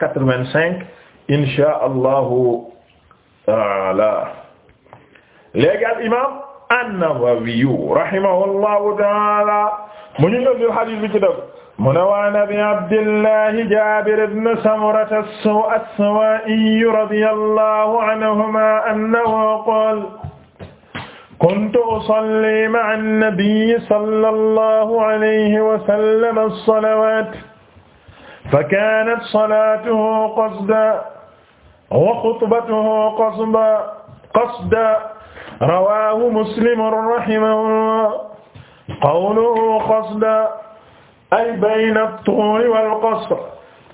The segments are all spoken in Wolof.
quatre-vingt-cinq insha allahu taala léegi al imam an-Nawawi rahimahullahu taala mu ñu ngi hadith bi ci def mu ne wa nabi Abdillahi Jaabir ibn Samura as-Sawaa'i radiyallahu anhuma annahu qaala kuntu usalli ma'a an-nabiyyi sallallahu alayhi wa sallam as-salawaat fa kaanat salaatuhu qasdan wa xutbatuhu qasdan rawaahu muslim rahimahullah qawluhu qasdan ay bayna at-tuuri wal-qasri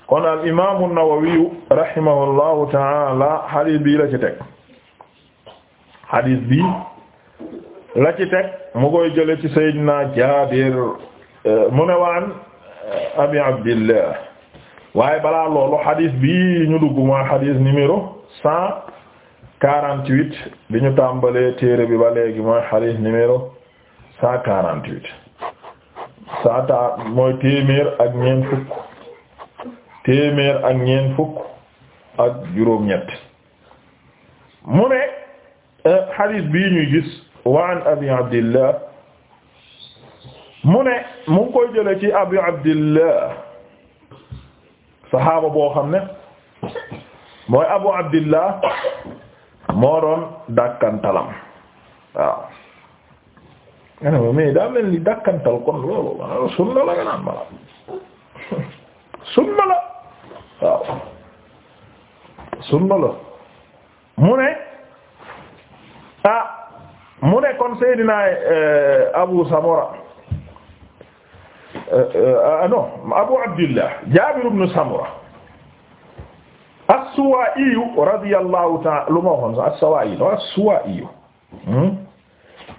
kon al-imaamu an-Nawawi rahimahullahu ta'aala xadis bi la ci teg xadis bi la ci teg mu koy jële ci Seydina Jaabir mu ne waan Abi Abdillah waaye balaa loolu xadis bi ñu dugg mooy xadis numéro cent quarante huit bi ñu tàmbalee téere bi ba léegi mooy xadis numéro cent quarante huit sata mooy téeméer ak ñeent fukk téeméer ak ñeent fukk ak juróom-ñett mu ne euh, xadis bii ñuy gis wa an abi abdillah mu ne mu ngi koy jële ci abi abdillah saxaaba boo xam ne mooy abu abdillah moo doon dàkkantalam waaw la mu ne ah mu ne kon seydinaa eh, abu samora Euh, euh, non Abu Abdillah Jaabir ibn Samura as-Suwaa'iyu radiyallahu ta'ala lu ma waxoon sax as-Suwaa'iyu non as-Suwaa'iyu hmm?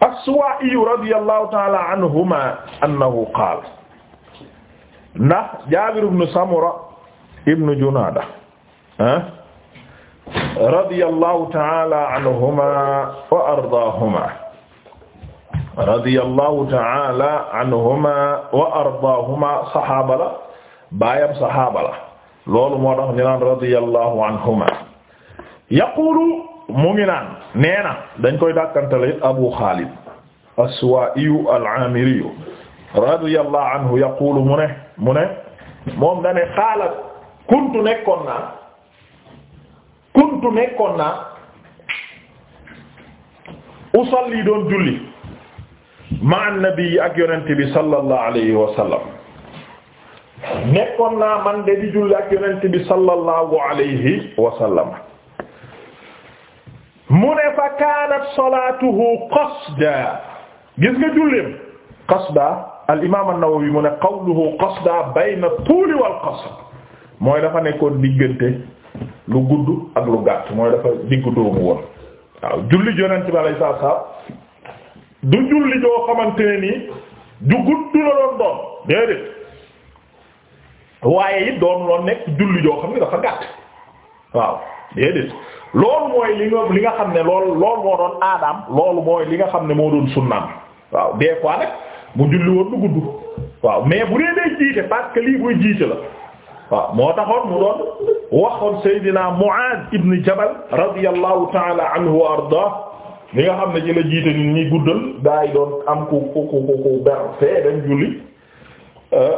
as-Suwaa'iyu radiyallahu ta'ala anhuma annahu qaala ndax Jaabir ibn Samura ibn Junaada ah radiyallahu ta'ala anhuma wa ardaahuma radiyallahu ta'ala anhuma wa ardaahuma saxaaba la baayam saxaaba la loolu moo tax ñu naan radiyallahu anhuma yaqulu mu ngi naan nee na dañ koy dàkkantale it Abu Xaalid as-Suwaa'iyu al-Aamiriyu radiyallahu anhu yaqulu mu ne mu ne moom da ne xaalat kuntu nekkoon naa kuntu nekkoon naa usalli doon julli ma annabi ak yonent bi sallallahu alayhi wa sallam nekkoon naa man de di julli ak yonent bi sallallahu alayhi wa sallam mu ne fa kaanat salaatuhu qasda gis nga julleem qasda al imaam an-Nawawi mu ne qawluhu qasda bayna tuuli wal qasr mooy dafa nekkoon diggante lu gudd ak lu gàtt mooy dafa diggu doomu woon waaw julli yonent bi alayhi salaam du julli joo xamante ne nii ju gudd la doon doon déedéet waaye it doon loon nekk julli joo xam ne dafa gàtt waaw déedéet loolu mooy li nga xam ne loolu loolu moo doon aadaam loolu mooy li nga xam ne moo doon sunnaam waaw des fois nag mu julli woon du gudd waaw mais bu dee day jiite parce que lii jiite la waaw moo taxoon mu doon waxoon Seydina Mu'aaz ibn Jabal radiyallahu ta'ala anhu wa ardaah li nga xam ne ci jiite nit ñi guddal gaa doon am ku ku ku ku ber fee dem julli eh,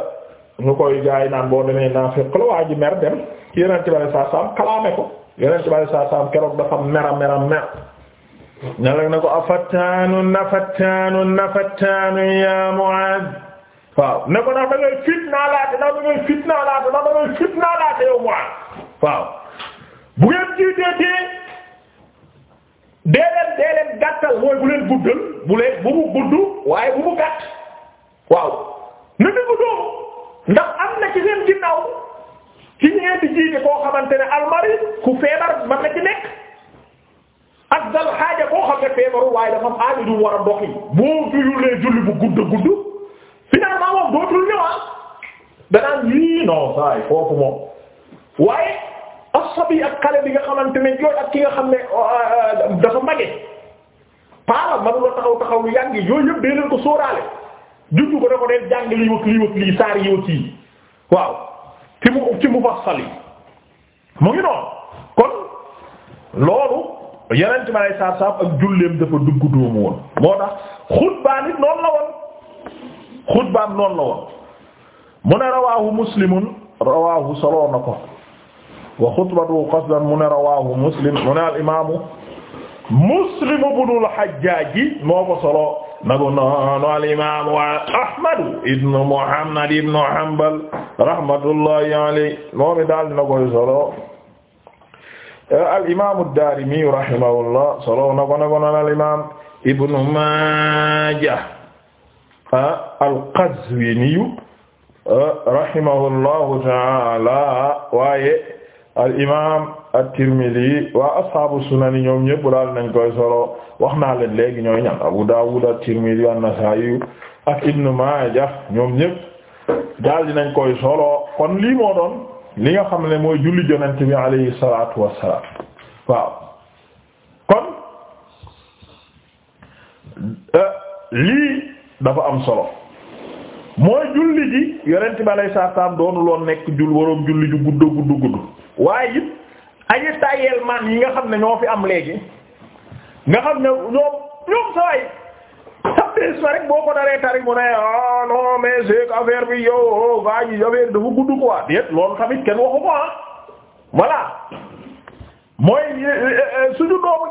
ñu koy gaa naan boo demee naa fekk la waa ji mer dem ci yeneen ci bari saa kalaame ko yeneen ci bari saa saam keroog dafa mera mera mer ne lag ne ko afattaanu nafattaanu nafattaanu yaa waaw ne ko ndax da ngay fitnaa laate ndax da ngay fitnaa laate ndax da yow Mu'aaz waaw bu ngeen jiitee dee leen dee leen gàttal mooy bu leen guddal bu leen bu mu gudd waaye bu mu gàtt waaw na dëgg doomu ndax am na ci seen ginnaaw ci ñeenti jiite koo xamante ne almari ku feebar man na ci nekk ak dal xaaja koo xam ne feebaru waaye dafa am aajo war a dox yi boo juyulee julli bu gudd gudd finalement moom dootul ñëwaat danaan lii non saa yi foofu moom waaye asabi ak xale bi nga xamante ne yooyu ak ki nga xam ne euh, euh, dafa mage paala manu la taxaw taxaw lu yàgg yooyu yëpp dee leen ko sóoraale juddu ko da ko jàng lii wëkk lii wëkk lii saar yi wëkk yi waaw ci mu ci mu fassal yi mu ngi noonu kon loolu yeneen ma lay saab ak julleem dafa dugg doomu woon moo tax xutbaa nit noonu la woon xutbaam noonu la woon mu ne rawaahu muslimun rawaahu soloo na ko wa xutbatu qasdan mu ne rawaahu muslim mu ne al imaamu muslim ibnul hajjaaji moo ko solo nagu noonu al imaamu ahmadu ibnu muhammad ibnu hanbal rahmatullahi alayhi moom daal na koy solo al imaamu daarimi rahimahullah solo nagu nagu noonu al imaam ibnu maajah ah, al qazwini rahimahullahu ta'ala waaye al imaam at-Tirmidhi waa ashaabu sunani ñoom ñépp daal nañ koy solo wax naa leen léegi ñooy ñan Abu Dawud at-Tirmidhi an-Nasaa'i ak Ibn Maaja ñoom ñépp daal di nañ koy solo kon lii moo doon li nga xam ne mooy julli jonante bi alayhi salaatu wassalaam waaw kon eh, lii dafa am solo mooy julli ji yonent bi alayhi salaam doonu loon nekk jul waroom julli ju gudd gudd gudd waaye it añi tayeel man yi nga xam ne ñoo fi am léegi nga xam ne ñoom ñoom saway sabdis fa rek boo ko daree tari mu ne ah non mais c'est affaire doomu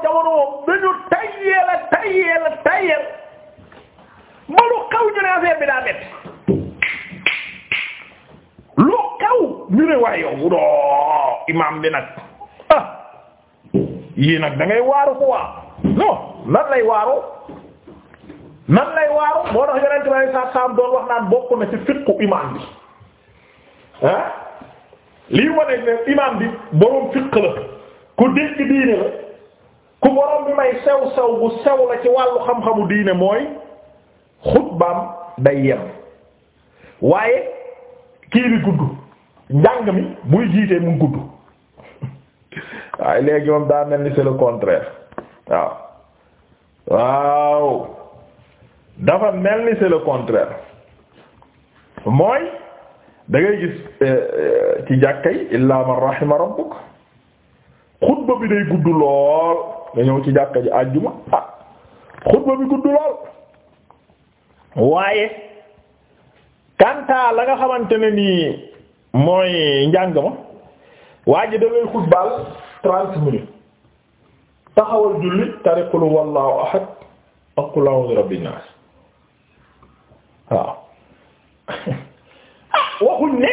jamono dañu tayeel a tayeel a tayeel ma lu kaw ñu ne affaire bi daa métti lu kaw ñu ne waaye yow doo imaam bi nag ah yii nag da ngay waaru ko waa non nan lay waaru nan lay waaru moo tax yonent bi saa saam doon wax naan bokk na ci fiqu imaam bi ah lii wane ne imaam bi borom fiq la ku dégg diine la ku borom bi may sew sew bu sew la ci wàllu xam-xamu diine mooy. xutbaam day yem waaye kii bi gudd njàng mi buy jiitee mu gudd waaye léegi moom daa mel ni c'est le contraire waaw waaw dafa mel ni c'est le contraire mooy da ngay gis euh, euh, ci jàkkay illaa man rahima rabbuk xutba bi day gudd lool nga ñëw ci jàkka ji àjjuma ah xutba bi gudd lool waaye kanta la nga xamante ne nii mooy njàng ma waa ji dalay xutbal trente taxawal julli tarikul wallahu ahad ak qul a'udhu waxuñ ne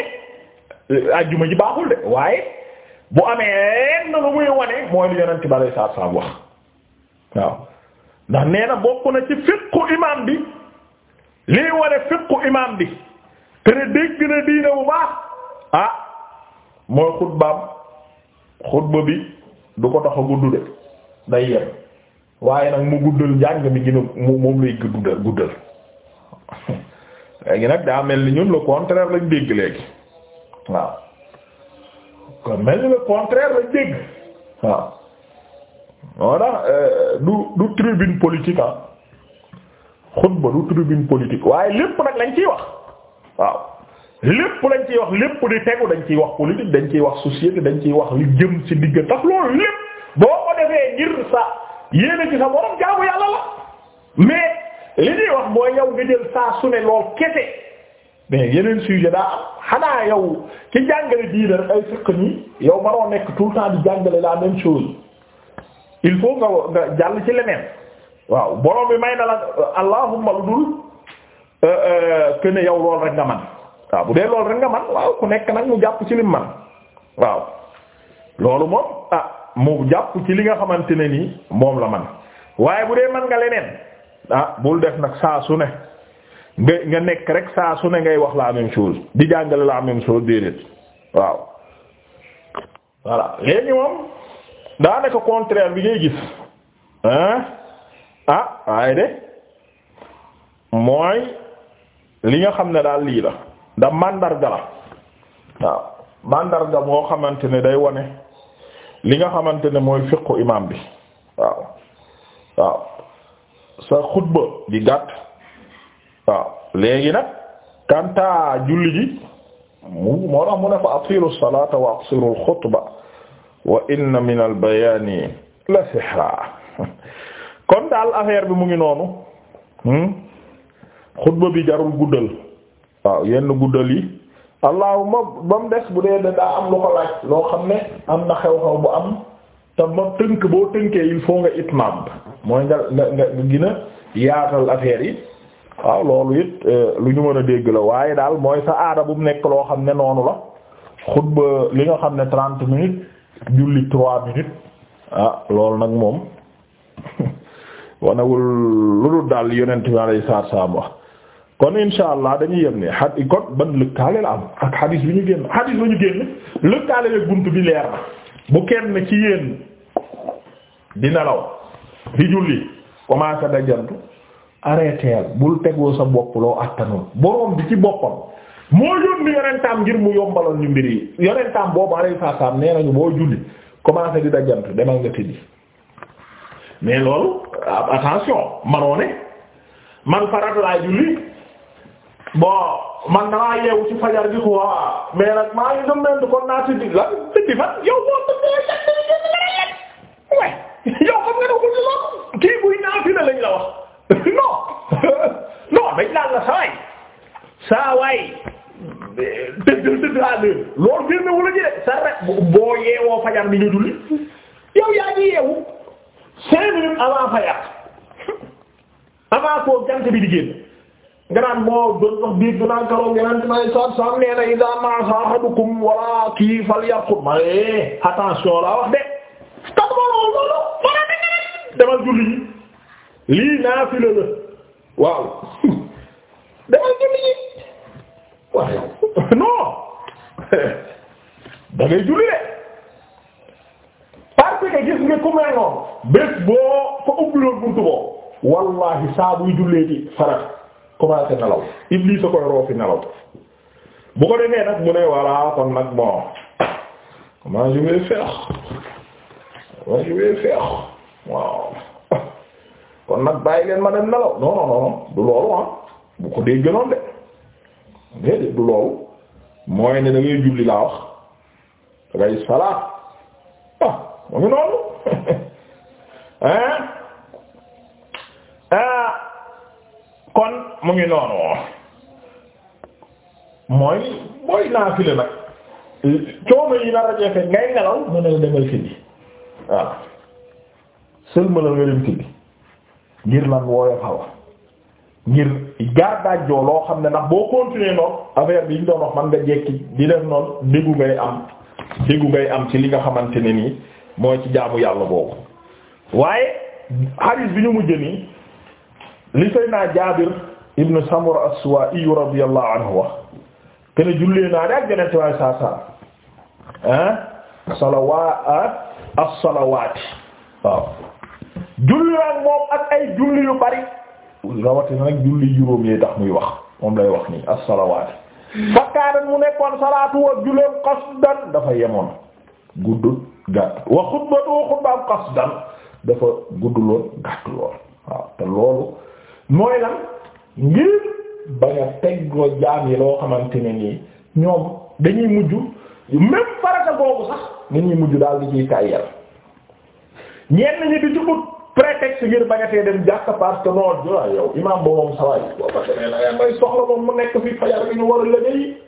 ajjuma ji baaxul de waaye bu amee na lu muy wane mooy lu yonent bi alayhi salaatu wax waaw ndax nee bokk na ci fiqhu imaam bi lii wane fiqu imaam bi te dégg na diine bu baax ah mooy xutbaam xutba bi du ko tax a gudd de day yem waaye nag mu guddal njàng mi gën a moom lay guddal guddal léegi nag daa mel ni ñun le contraire lañ dégg léegi waaw kon mel ni le contraire lañ dégg waaw moo tax euh, du du tribune politique ah. xutba du tribune politique waaye lépp nag lañ ciy wax waaw lépp lañ ciy wax lépp di tegu dañ ciy wax politique dañ ciy wax société dañ ciy wax li jëm ci tax loolu lépp boo ko defee ngir sa yéene ci sa borom jaamu yàlla la mais li ñuy wax mooy yow nga jël saa su ne lool kese mais yeneen sujet daa am xanaa yow ki jàngale diine rek ay fiq ñi ma maroo nekk tout le temps di jàngale la même chose il faut nga nga jàll ci leneen. waaw borom bi may na la allahumma lu dul euh, euh, que ne yow lool rek nga man waaw bu dee lool rek nga man waaw ku nekk nag mu jàpp ci lim man waaw loolu moom ah mu jàpp ci li nga xamante ne nii moom la man waaye bu dee man nga leneen ah bul def nag saa su ne nga nekk rek saa su ne ngay wax la même chose di jàngale la même chose déedéet waaw voilà léegi moom daanaka contraire bi ngay gis ah waaye de mooy li nga xam ne daal lii la da màndarga la waaw màndarga moo xamante ne day wone li nga xamante ne mooy fiqu imaam bi waaw waaw sa xutba di gàtt waaw léegi nag kanta julli ji mu moo tax mu ne fa atilu salata wa aqsiru al wa inna min al la sihra kon daal affaire bi mu ngi noonu hmm? xutba bi jarul guddal waaw yenn guddal yi allahuma ba mu des bu dee da daa am lu ko laaj loo xam ne am na xew-xew bu am te ma tënk boo tënkee il faut nga itmaam mooy nga nga nga gën yaatal affaire yi waaw loolu it euh, lu ñu mën a dégg la waaye daal mooy sa aada bu mu nekk loo xam ne noonu la xutba li nga xam ne trent minutes julli trois minutes ah loolu nag moom wanewul lu dul daal yonent bi alayhi salaatu salaam kon insha allah dañuy yem ne xa kon ban lëkkaale la am ak xadis bi ñu génn xadis bi ñu génn lëkkaale la bunt bi leer na bu kenn ci yéen di nelaw di julli commencé da jantu arrêteel bul tegoo sa bopp loo attanul boroom bi ci boppam moo yónni yonentam ngir mu yombaloon ñu mbir yi yonentam boobu alayhi salaam nee nañu boo julli commencé di da jantu demal nga tëddi mais loolu Ah, attention manoo ne man farat laa julli bon man damaa yeewu ci fajar gi quoi mais nag maa ngi dem leen kon naa yow boo tëddee yow xam nga ne ko ci kii buy naafila lañ la wax non non dañ naan la sawaay saawaay tëdd tëdd à deux loolu génne sa rek boo yeewoo fajar bi ñu julli yow yaa cinq minutes avant fa yàq avant koo jant bi di génn nga naan moo doon wax biir du naan karoom yeneen ma ee attention laa wax de tam loolu loolu fara ne ne demal julli waaw demal julli yi waaw non da parce que gis nga ku mel noonu bés boo fa ubbiloon buntu boo wallahi saa buy jullee di farat commencé nelaw Iblis a koy roofi nelaw bu ko defee nag mu ne voilà kon nag bon comment je vais faire comment je vais faire waaw kon nag bàyyi leen ma dem nelaw non non non du loolu ah bu ko dee gënoon de déedéet du loolu mooy ne da ngay julli laa wax da ngay salaat mu ngi noonu ah kon mu ngi noonu mooy mooy naafile nag coono yi nar a jeexe ngay nelaw mu ne demal tëddi waaw sëlmalal nga dem tëddi ngir lan wooyo xawa ngir gardaajoo loo xam ne ndax boo continuer noonu bi ñu man nga jekki di def noonu déggu ngay am déggu ngay am ci li nga xamante ne nii mooy ci jaamu yàlla boobu waaye hadith bi ñu mujj nii li Seydina Jaabir ibn Samura as-Suwa'i radiyallahu anhu wax kenn jullee naa daa gën a ci waaye saa ah salawaat as waaw julli ak moom ak ay julli yu bari rawatina nag julli juróom yi tax muy wax moom lay wax nii as-salawaati mu nekkoon salaatu wa julleem dafa yemoon guddut gàtt wa xutbatu xutbaam qasdan dafa gudd lool gàtt lool waaw te loolu mooy lan ngir bañ a teggoo jaam yi loo xamante ne nii ñoom dañuy mujj même farata boobu sax dañuy mujj daal di ciy tàyyel ñenn ñi di ci ut prétexte ngir bañ a tee dem jàkk parce que noonu ah, yow imaam boobu moom sawaay boo ko demee la ngay soxla moom mu nekk fi fajar bi ñu war a liggéey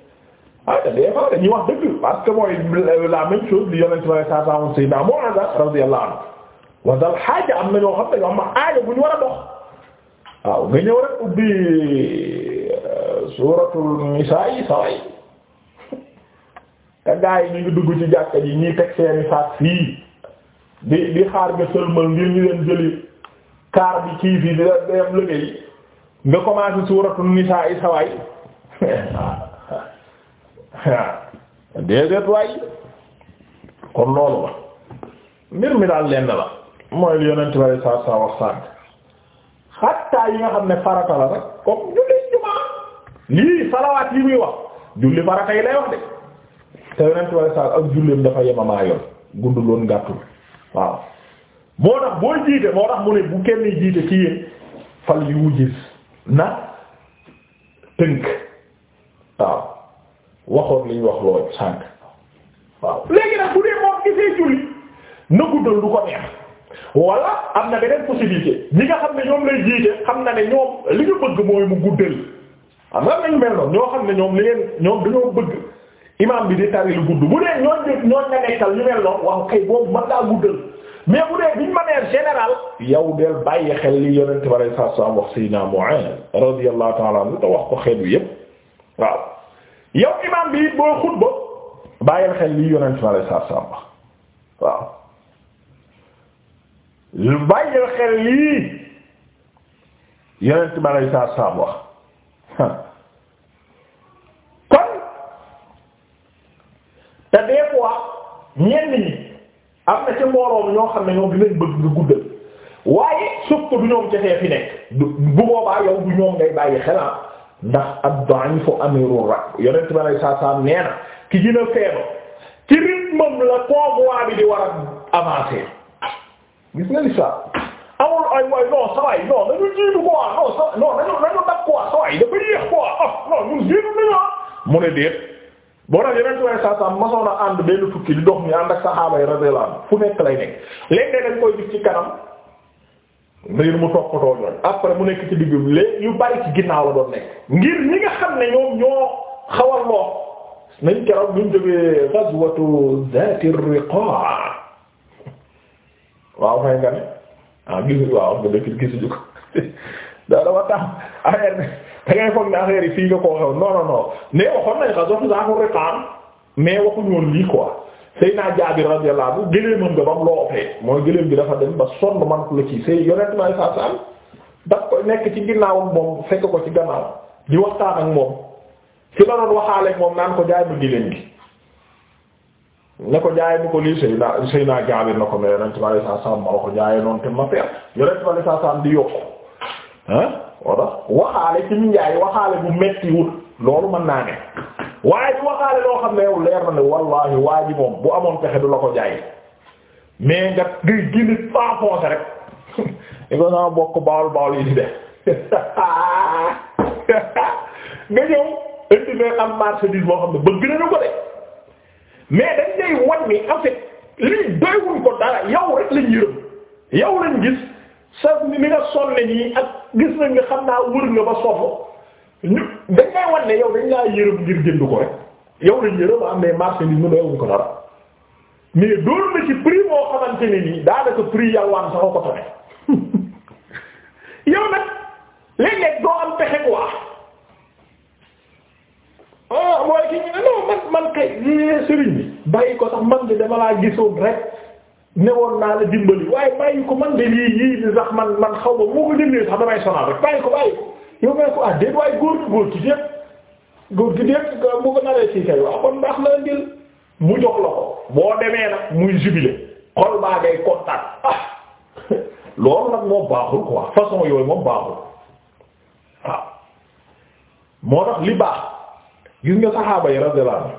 ah te des wax dëgg parce mooy la même chose li yonent bi saa saa woon Seydina Mu'aaz radiyallahu anhu wa dal xaaja am na ne ñoo xam ne aajo bu ñu war a dox nga ñëw rek ubbi euh, suuratul nisaa yi saway te gaa yi ñu ngi dugg ci jàkka ji ñuy teg seeni faat fii di di xaar nga sëlmal ngir ñu leen jëli kaar bi kii fii di dem liggéey nga commencé suuratul nisaa yi saway déedéet waaye kon loolu la mbir mi daal lenn la mooy li yonent bari saa saa wax sànk xattaa yi nga xam ne farata la rek comme julli jumaa lii salawaat yi muy wax julli farata yi lay wax de te yonent bari saa ak julleem dafa yemamaa yoon guddul woon gàttul waaw moo tax booy jiite moo tax mu ne bu kenn jiite ci yéen fal yu gis na tënk waaw waxoon liñ wax lool sànq waaw léegi nag bu dee moom gisee julli na guddal du ko neex wala am na beneen possibilité ñi nga xam ne ñoom lay jiite xam na ne ñoom li ñu bëgg mooy mu guddal xam nga nañu mel ñoo xam ne ñoom li leen ñoom dañoo bëgg imam bi di tari lu gudd bu dee ñooñu ñooñu nga nekkal ñu mel noonu waaw kay boobu mën naa guddal mais bu dee d'une manière générale yow del bàyyi xel li yonent bi sallallahu alayhi wasallam wax Sayyidina Mu'adh radiyallahu ta'ala anhu te wax ko xeetu yépp waaw. yow imaam bi boo xutba bàyyil xel lii yonent ma lay saar sàmba waaw bàyyil xel lii yonent ma lay saar sàmba kon te des fois ñenn ñi am na ci mbooloo ñoo xam ne ñoom dinañ bëgg nga guddal waaye suuf ko du ñoom fi nekk bu boobaa yow du ñoom ngay bàyyi xelaa ah. ndax ad-da'ifu amirur rakb yonent bi alayhi salaam nee na ki gën a feebar ci rythme la convoi bi di war a avancer gis nga li sa amul ay waay non saa waay non dañu jiitu quoi non sa non dañu dañu dab quoi saa waay dafa yéex quoi ah non ñun jiitu nañu ah. mu ne déet boo tax yonent bi alayhi salaam masoon a ànd benn tukki di dox ñu ànd ak saxaaba yi radiyallahu fu nekk lay nekk léeg-léeg dañ koy gis ci kanam. ngir mu toppatoo ñooñ après mu nekk ci digg léegi yu bari ci ginnaaw la doon nekk ngir ñi nga xam ne ñoom ñoo xawal loo nañ keroog ñu jógee ghazwatu zaati riqaa waaw fay nga ne ah gis waaw nga dëkk gisuñu ko da dafa tax affaire bi da ngay foog ne affaire yi fii nga koo xew non non non mais waxoon nañ ghazwatu zaati riqaa mais waxuñu woon lii quoi Seydina Jaabir radiyallahu anhu gëléemam nga ba mu loofee mooy gëléem bi dafa dem ba sonn man ko ci sëy yonent saa saal daf ko nekk ci ginnaawam moom fekk ko ci gannaaw di waxtaan ak moom ci la doon waxaale moom naan ko jaay ma gëléem gi ne ko jaay ma ko lii Seydina Seydina Jaabir na ko mais yonent saa saal ma ko jaayee noonu te ma perte yonent saa saal di yokku ah wala waxaale ci njaay waxaale bu mettiwul loolu mën naa waaye di loo xam ne yow leer na ne wallahi waa ji moom bu amoon pexe du la ko jaay mais nga ngay gindi xam ne ba gis sa nga xam naa wër nga ba sofu ñu dañ lay wan ne yow dañ laa yërëm ngir jënd ko rek yow lañ yërëm am ah, ne marché bi mu doon ko dara mais doon na ci prix moo xamante ne nii daanaka prix yàlwaan sax ko tane yow nag léeg am pexe quoi ah mooy ki non man man kay eh, sëriñ bi bàyyi ko sax man de dama laa gisoon ne newoon naa la dimbali waaye bàyyi ko man de lii yii sax man man xaw ma moo ko jëndee sax damay sonal rek bàyyi ko bàyyi yow ngay ko ah déet waaye góor gi góor gi déet góor gi déet bu ko naree ci kay waaw kon ndax la jël mu jox la ko boo demee nag muy jubilé xol baa ngay kontaan ah loolu nag moo baaxul quoi façon yooyu moom baaxul waaw ah! moo tax li baax gis nga saxaaba yi radiyallahu anhu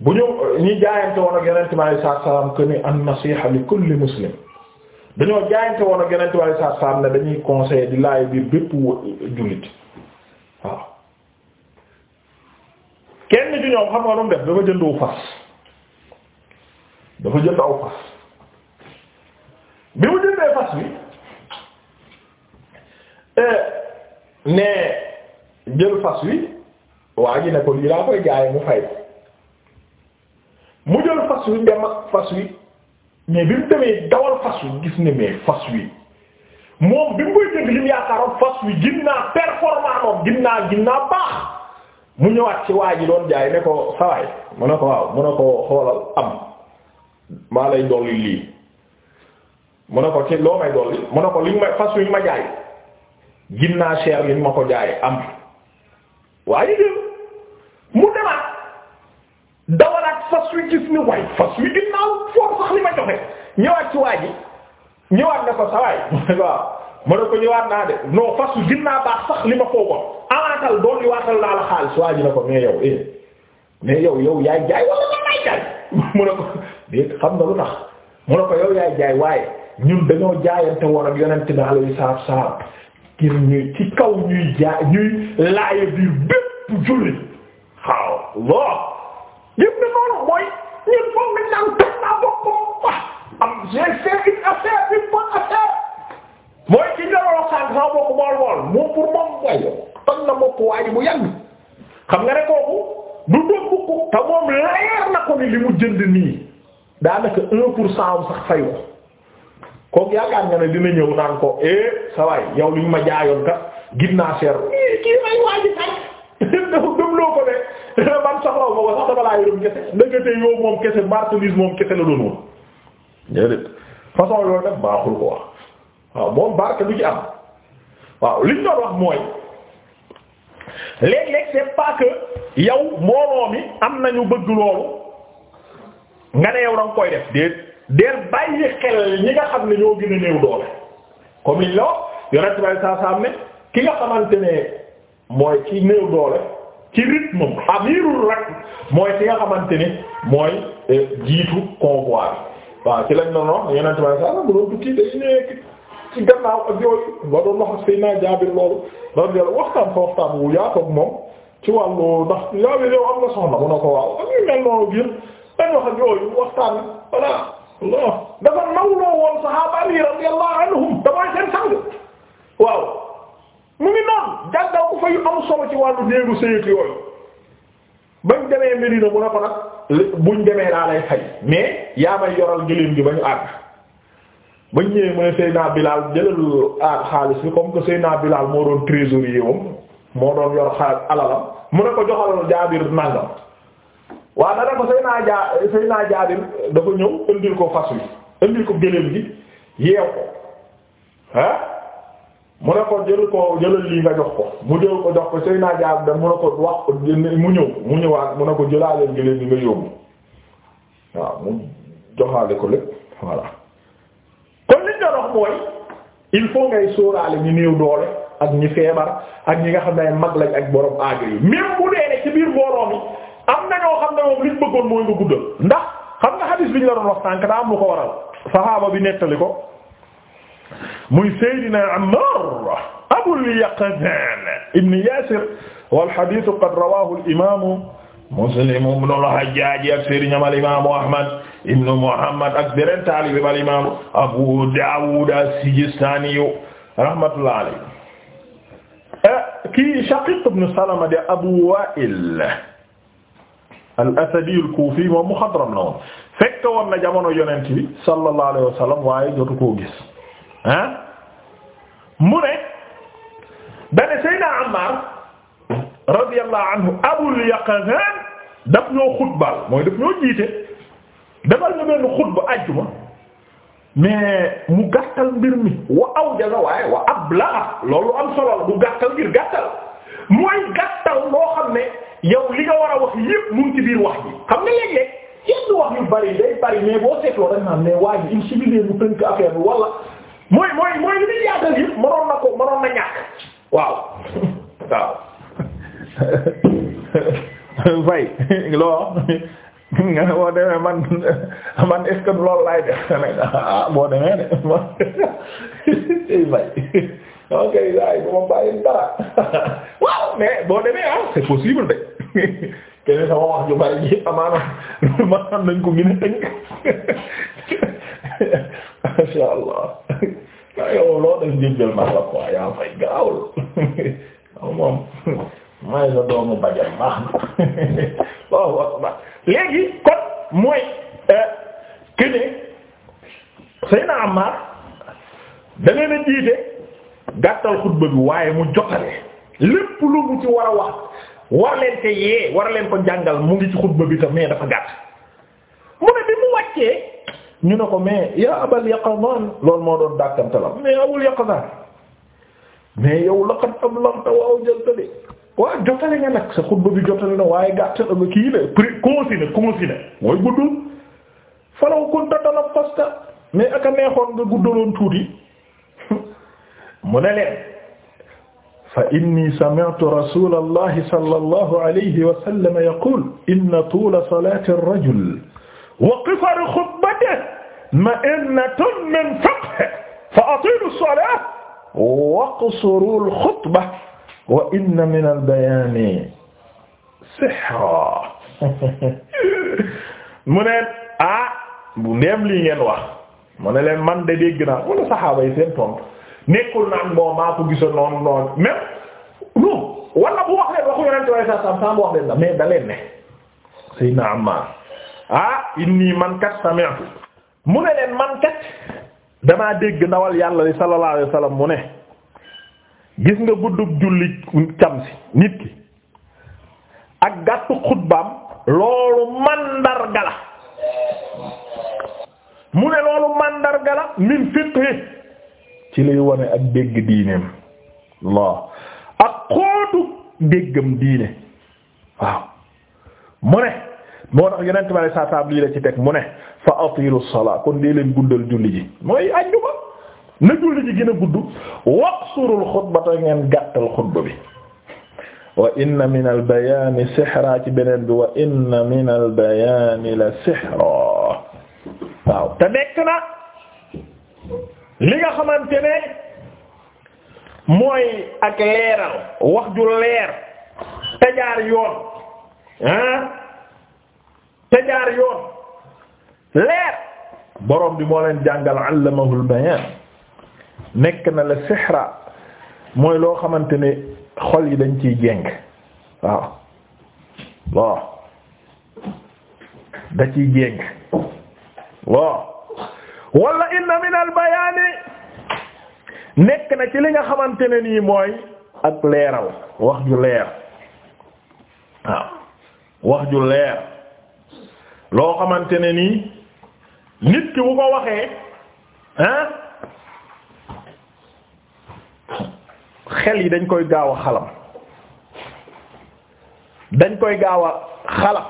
bu ñu ñi jaayante woon ak yeneen ci maay saa salaam que ni an nasiha li kulli muslim dañoo jaayante woon ak yeneen tubaab yi saa saa ne dañuy conseil di laaj biir bépp jullit waaw kenn ci ñoom xam nga lu def dafa jënd aw fas dafa jënd aw fas bi mu jëndee fas bi eh, ne jël fas wi waa ji ne ko lii laa koy jaayee mu fay mu jël fas wi dem ak fas wi. mais bi mu demee dawal fas wi gis ne mais fas wi moom bi mu koy dégg li mu yaakaaroon fas wi ginnaaw performant moom ginnaaw ginnaaw baax mu ñëwaat ci waa ji doon jaay ne ko sawaay mu ne ko waaw mu ne ko xoolal am maa lay dolli lii mu ne ko ci loo may dolli mu ne ko li ma fas wi ma jaay ginnaaw cher li ma ko jaay am waaye dégg dawalaat fas wi gis ni waaye fas wi ginnaaw foofu sax li ma joxe ñëwaat ci waa ñëwaat na ko sa waay waaw ma ne ko ñëwaat naa de non fas wi ginnaaw baax sax li ma foogoon amaatal doon li waatal naa la xaalis waa ji na ko mais yow eh mais yow yow yaay jaay wala man maay jaay mu ne ko déet xam nga lu tax mu ne ko yow yaay jaay waaye ñun dañoo jaayante woon ak yonent bi alayhi salaatu salaam ngir ñuy ci kaw ñuy jaay ñuy laaya biir bépp jullit waaw gis nga noonu mooy ñun foog nañ naan teg naa bokk ko ah, am j'ai fait une affaire une bonne affaire mooy ci njëriñoo sànq sama bokk bool bool moom pour moom mooy toj na mbokku waa ji bu yàgg xam nga ne kooku du déglu ko te moom leer na ko ni li mu jënd nii daanaka un pour cent am sax fay ko kooku yaakaar nga ne dina ñëw naan ko eh sa waay yow li ñu ma jaayoon kat gis naa seer kii kii may waa ji sax déglu ko de. man soxlaw ma ko sax dama laa yoroon kese ndekete yow moom kese marchandise moom kese la doon woon déedéet façon yooyu nag baaxul ko wax waaw moom barke du ci am waaw liñ doon wax mooy léeg-léeg c'est que yow mbooloo mi am nañu bëgg loolu nga ne yow da koy def déet deel bàyyi xel ñi nga xam ne ñoo gën a néew doole comme liñ la wax yonent bay saa saa ne ki nga xamante ne mooy ci néew doole ci rythme amirul rak mooy ci nga xamante ni mooy eh, jiitu convoi bi waaw ci lañ doon wax yeneen tubaab bu doon ci gannaaw ak yooyu ba doon loolu waxtaan fa wu yaatu moom ci wàllu ndax yaa ngi yow am na soxna ko waaw am ñu mel noonu biir dañ wax ak yooyu waxtaan voilà non woon saxaaba yi radiyallahu anhum damay seen waaw. mu ngi noonu jàngal ko fa yu solo ci wàllu néegu sëyeek yooyu bañ demee Medina mu ne ko nag buñ demee daa lay fay mais yaa may yoral gëléem gi ba ñu àgg bañ ñëwee mu ne Seyna Bilal jëlal aar xaalis bi comme que Seyna Bilal moo doon trésorier wam moo doon yor xaalis alalam mu ne ko joxal Jaabir nangam waaw dana ko Seyna Jaabir dafa ñëw indil ko fas wi indil ko gëléem gi yeew ko ah. mu ne ko jël ko jëlal lii nga jox ko mu jël ko jox ko sëy naa jaar da mu ko wax mu ñëw mu ñëwaat mu a ko jëlaaleen gëléem li nga yóbbu waaw mu joxaale ko lépp voilà kon liñ nga dox mooy il faut ngay sóoraale ñu néew doole ak ñi feebar ak ñi nga xam ne mag lañ ak boroom aajo yi même bu dee ne ci biir booroom yi am na xam ne moom liñ bëggoon mooy nga guddal ndax xam nga hadis bi ñu la doon wax sànk daa ko waral saxaaba bi nettali ko muy Seydina Ammaar Abul Yaqzaan ibn Yaasir wal hadiis qad rawaahu al imaam Muslim ibn al Hajjaaj ak Sëriñam al imaam Ahmad ibn Muhammad ak beneen taalibe al imaam Abu Daawuud as-Sijistaani rahmatullahi alayhi eh, kii Shaqiiq ibn Salama de Abu Waa'il al-Asadi al-Kuufi moom muxadram la woon fekk woon na jamono Yonent bi sallallahu alayhi wa sallam waaye jotu koo gis ah mu ne dane Seydina Ammar radiyallahu anhu Abul Yaqzan daf ñoo xutbal mooy daf ñoo jiite dafal ñu benn xutba àjjuma mais mu gàttal mbir mi wa aw jala waaye wa abla loolu am solo la gàttal ngir gàttal mooy gàttal loo xam ne yow li nga war a wax yépp mu ngi ci biir wax ji xam nga léeg-léeg yenn wax yu bari day bari mais boo seetloo rek naan mais waa ji il suffit mu tënk affaire bi wala mooy mooy mooy li muy yaatal yëpp mënoon na ko mënoon na ñàkk waaw waaw fay loo nga ne boo demee man man est-ce que loolu laay def ah boo demee de man fay ok waaye bu ma bàyyi dara waaw mais ah c'est possible de kenn sama wax ju bari ji amaana maanaam nañ ko gën a tënk masha allah yow loo def njëjël ma la quoi yaa fay gaawul may sa doomu bajal baax na waaw waaw léegi kon mooy que ne Seyna Ammar da leen a jiite gàttal xutba bi waaye mu jotale lépp lu mu ci war a wax war leen te yee war leen ko jàngal mu ngi ci xutba bi tam mais dafa gàtt mu ne bi mu wàccee. ñu ne ko mais yaa abal yaqzan loolu moo doon dàkkante la mais abul yaqzan mais yow laqad ablaghta wa awjalta de waaw jotale nga nag sa xutba bi jotale na waaye gàttal nga kii la prix consiné consiné mooy guddul falaw kunta guddo mais aka neexoon nga guddaloon tuuti mu ne leen fa inni sami'tu rasulallahi sallallahu alayhi wa sallam yaqul inna tula salati ar-rajul wa qifaru xutbatihi ma'innatun min fiqhihi fa atilu salaata wa qsuru al-xutbata wa inna min al-bayaani sihran mu ne ah bu ndeem lii ngeen wax mu ne leen man de dégg naa wala saxaaba yi seen tontu nekkul naan moo maa ko gisa noonu noonu même non wala bu wax leen waxu yonente way sa sam sam wax leen la mais da leen ne Seydina Ammaar ah inni man kat sami'tu mu ne leen man damaa dégg ndawal yàlla li sallallahu alayhi wasallam mu ne gis nga guddug julli cam nit ki ak gàttu xutbaam loolu mandarga la mu ne loolu mandarga la min fiqhi ci lay wone ak dégg diineem Allah ak xootu déggam diine waaw mu ne moo tax yeneen tubaab yi saa saa lii la ci teg mu ne fa atilu salaa kon dee leen guddal julli ji mooy àjjuma na julli ji gën a gudd waqsurul xutba te ngeen gàttal xutba bi. wa inna min al bayaani sihra ci beneen bi wa inna min al bayaani la sihra waaw te nekk na li nga xamante ne mooy ak leeral wax ju leer te jaar yoon ah. te jaar yoon leer borom bi moo leen jàngal allamahul bayaan nekk na la sihra mooy loo xamante ne xol yi dañ ciy jéng waaw waaw da ciy jéng waaw wala inna min al bayaani nekk na ci li nga xamante ne nii mooy ak leeral wax ju leer waaw wax ju leer loo xamante ne nii nit ki bu ko waxee ah xel yi dañ koy gaaw a xalam dañ koy gaaw a xalam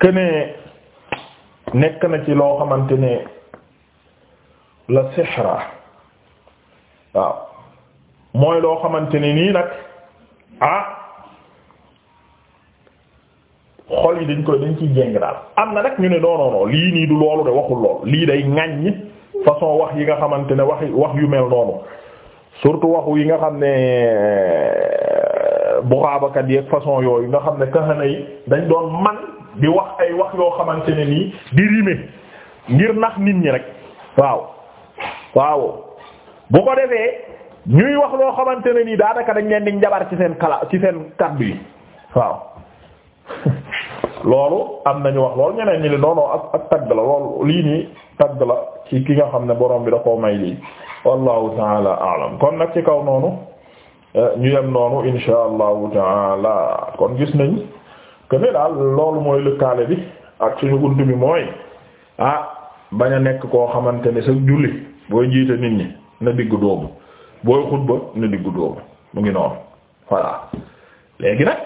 que nekk na ci loo xamante ne la sixra waaw mooy loo xamante ne nii nag ah xol yi dañ koy dañ ciy jéng daal am na nag ñu ne non lii nii du loolu de waxul lool lii day ŋaññi façon wax yi nga xamante ne wax wax yu mel noonu surtout waxu yi nga xam ne bu euh, buxaabakat yeeg façon yooyu nga xam ne kahana yi dañ doon man di wax ay wax yoo xamante ne nii di rimer ngir nax nit ñi rek waaw waaw bu ko defee ñuy wax loo xamante ne nii daanaka dañ leen di njabar ci seen kala ci seen kàddu yi waaw loolu am nañu wax loolu ñeneen ñi li noonoo ak ak la loolu lii nii tagg la ci ki nga xam ne borom bi da koo may lii wallahu taala alam kon nag ci kaw noonu eh, ñu yem noonu insha allahu taala kon gis nañ que ne daal loolu mooy lëkkaale bi ak suñu bunt bi mooy ah bañ a nekk koo xamante ni sa julli booy jiite nit ñi na diggu doomu booy xutba na diggu doomu mu ngi noonu voilà léegi nag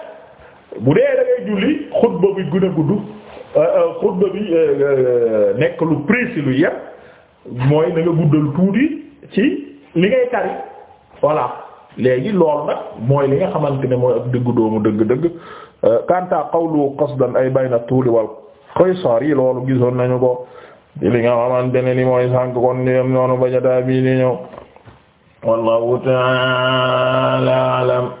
bu dee da julli xutba bi gën a gudd euh, euh, xutba bi euh, nekk lu précis lu yem mooy na nga guddal tuuti ci li ngay tari voilà léegi loolu nag mooy li nga xamante ne mooy ak dëgg doomu dëgg-dëgg kanta qawlu qasdan ay bayna tuuli wal qaysar yi loolu gisoon nañu ko li nga xamante ne ni mooy sànk kon niyam noonu ba jataa ni ñëw wallahu ta'ala alam